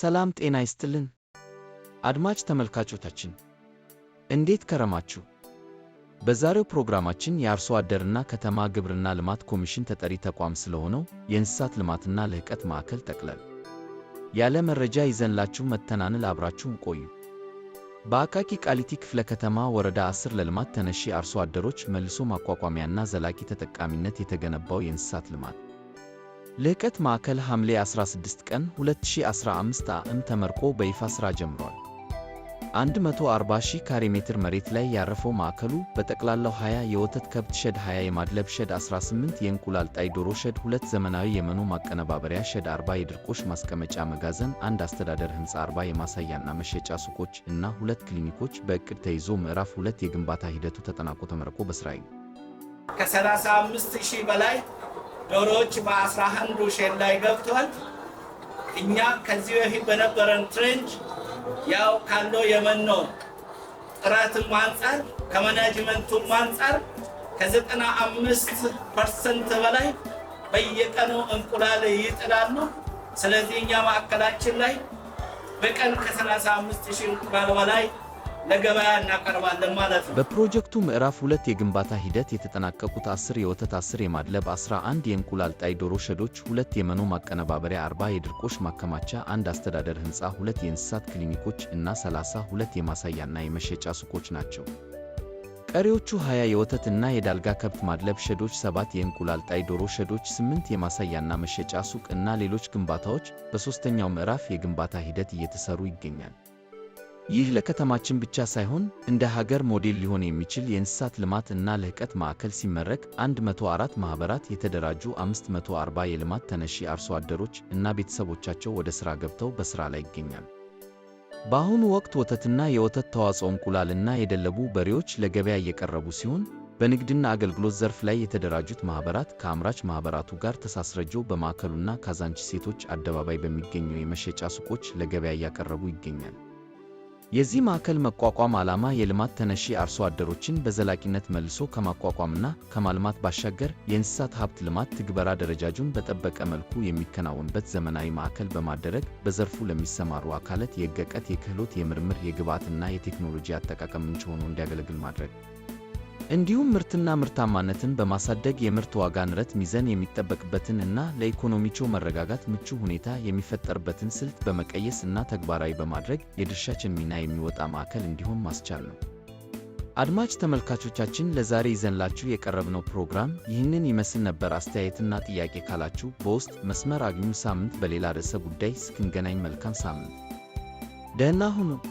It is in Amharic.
ሰላም ጤና ይስጥልን አድማጭ ተመልካቾቻችን እንዴት ከረማችሁ? በዛሬው ፕሮግራማችን የአርሶ አደርና ከተማ ግብርና ልማት ኮሚሽን ተጠሪ ተቋም ስለሆነው የእንስሳት ልማትና ልህቀት ማዕከል ጠቅለል ያለ መረጃ ይዘንላችሁ መተናንል አብራችሁን ቆዩ። በአቃቂ ቃሊቲ ክፍለ ከተማ ወረዳ 10 ለልማት ተነሺ አርሶ አደሮች መልሶ ማቋቋሚያና ዘላቂ ተጠቃሚነት የተገነባው የእንስሳት ልማት ልዕቀት ማዕከል ሐምሌ 16 ቀን 2015 ዓ.ም ተመርቆ በይፋ ሥራ ጀምሯል። 140 ሺህ ካሬ ሜትር መሬት ላይ ያረፈው ማዕከሉ በጠቅላላው 20 የወተት ከብት ሸድ፣ 20 የማድለብ ሸድ፣ 18 የእንቁላል ጣይ ዶሮ ሸድ፣ ሁለት ዘመናዊ የመኖ ማቀነባበሪያ ሸድ፣ 40 የድርቆሽ ማስቀመጫ መጋዘን፣ አንድ አስተዳደር ሕንፃ፣ 40 የማሳያና መሸጫ ሱቆች እና ሁለት ክሊኒኮች በእቅድ ተይዞ ምዕራፍ ሁለት የግንባታ ሂደቱ ተጠናቆ ተመርቆ ይገኛል ከ35 ሺህ በላይ ዶሮዎች በአስራ አንዱ ሼድ ላይ ገብቷል። እኛ ከዚህ በፊት በነበረን ትሬንች ያው ካለው የመኖ ጥራትም አንጻር ከመናጅመንቱም አንጻር ከዘጠና አምስት ፐርሰንት በላይ በየቀኑ እንቁላል ይጥላሉ። ስለዚህ እኛ ማዕከላችን ላይ በቀን ከ35 ሺህ እንቁላል በላይ ለገበያ እናቀርባለን ማለት ነው። በፕሮጀክቱ ምዕራፍ ሁለት የግንባታ ሂደት የተጠናቀቁት አስር የወተት አስር የማድለብ 11 የእንቁላል ጣይ ዶሮ ሸዶች፣ ሁለት የመኖ ማቀነባበሪያ፣ 40 የድርቆሽ ማከማቻ፣ አንድ አስተዳደር ህንፃ፣ ሁለት የእንስሳት ክሊኒኮች እና 32 የማሳያና የመሸጫ ሱቆች ናቸው። ቀሪዎቹ 20 የወተት እና የዳልጋ ከብት ማድለብ ሸዶች፣ ሰባት የእንቁላል ጣይ ዶሮ ሸዶች፣ ስምንት የማሳያና መሸጫ ሱቅ እና ሌሎች ግንባታዎች በሦስተኛው ምዕራፍ የግንባታ ሂደት እየተሰሩ ይገኛል። ይህ ለከተማችን ብቻ ሳይሆን እንደ ሀገር ሞዴል ሊሆን የሚችል የእንስሳት ልማት እና ልህቀት ማዕከል ሲመረቅ 104 ማኅበራት የተደራጁ 540 የልማት ተነሺ አርሶ አደሮች እና ቤተሰቦቻቸው ወደ ሥራ ገብተው በሥራ ላይ ይገኛል። በአሁኑ ወቅት ወተትና የወተት ተዋጽኦ እንቁላልና የደለቡ በሬዎች ለገበያ እየቀረቡ ሲሆን በንግድና አገልግሎት ዘርፍ ላይ የተደራጁት ማኅበራት ከአምራች ማኅበራቱ ጋር ተሳስረጆ በማዕከሉና ካዛንቺስ ሴቶች አደባባይ በሚገኙ የመሸጫ ሱቆች ለገበያ እያቀረቡ ይገኛል። የዚህ ማዕከል መቋቋም ዓላማ የልማት ተነሺ አርሶ አደሮችን በዘላቂነት መልሶ ከማቋቋምና ከማልማት ባሻገር የእንስሳት ሀብት ልማት ትግበራ ደረጃጁን በጠበቀ መልኩ የሚከናወንበት ዘመናዊ ማዕከል በማደረግ በዘርፉ ለሚሰማሩ አካላት የእውቀት፣ የክህሎት፣ የምርምር፣ የግብዓትና የቴክኖሎጂ አጠቃቀም ምንጭ ሆኖ እንዲያገለግል ማድረግ እንዲሁም ምርትና ምርታማነትን በማሳደግ የምርት ዋጋ ንረት ሚዛን የሚጠበቅበትን እና ለኢኮኖሚቸው መረጋጋት ምቹ ሁኔታ የሚፈጠርበትን ስልት በመቀየስ እና ተግባራዊ በማድረግ የድርሻችን ሚና የሚወጣ ማዕከል እንዲሆን ማስቻል ነው። አድማጭ ተመልካቾቻችን ለዛሬ ይዘንላችሁ የቀረብነው ፕሮግራም ይህንን ይመስል ነበር። አስተያየትና ጥያቄ ካላችሁ በውስጥ መስመር አግኙ። ሳምንት በሌላ ርዕሰ ጉዳይ እስክንገናኝ መልካም ሳምንት፣ ደህና ሁኑ።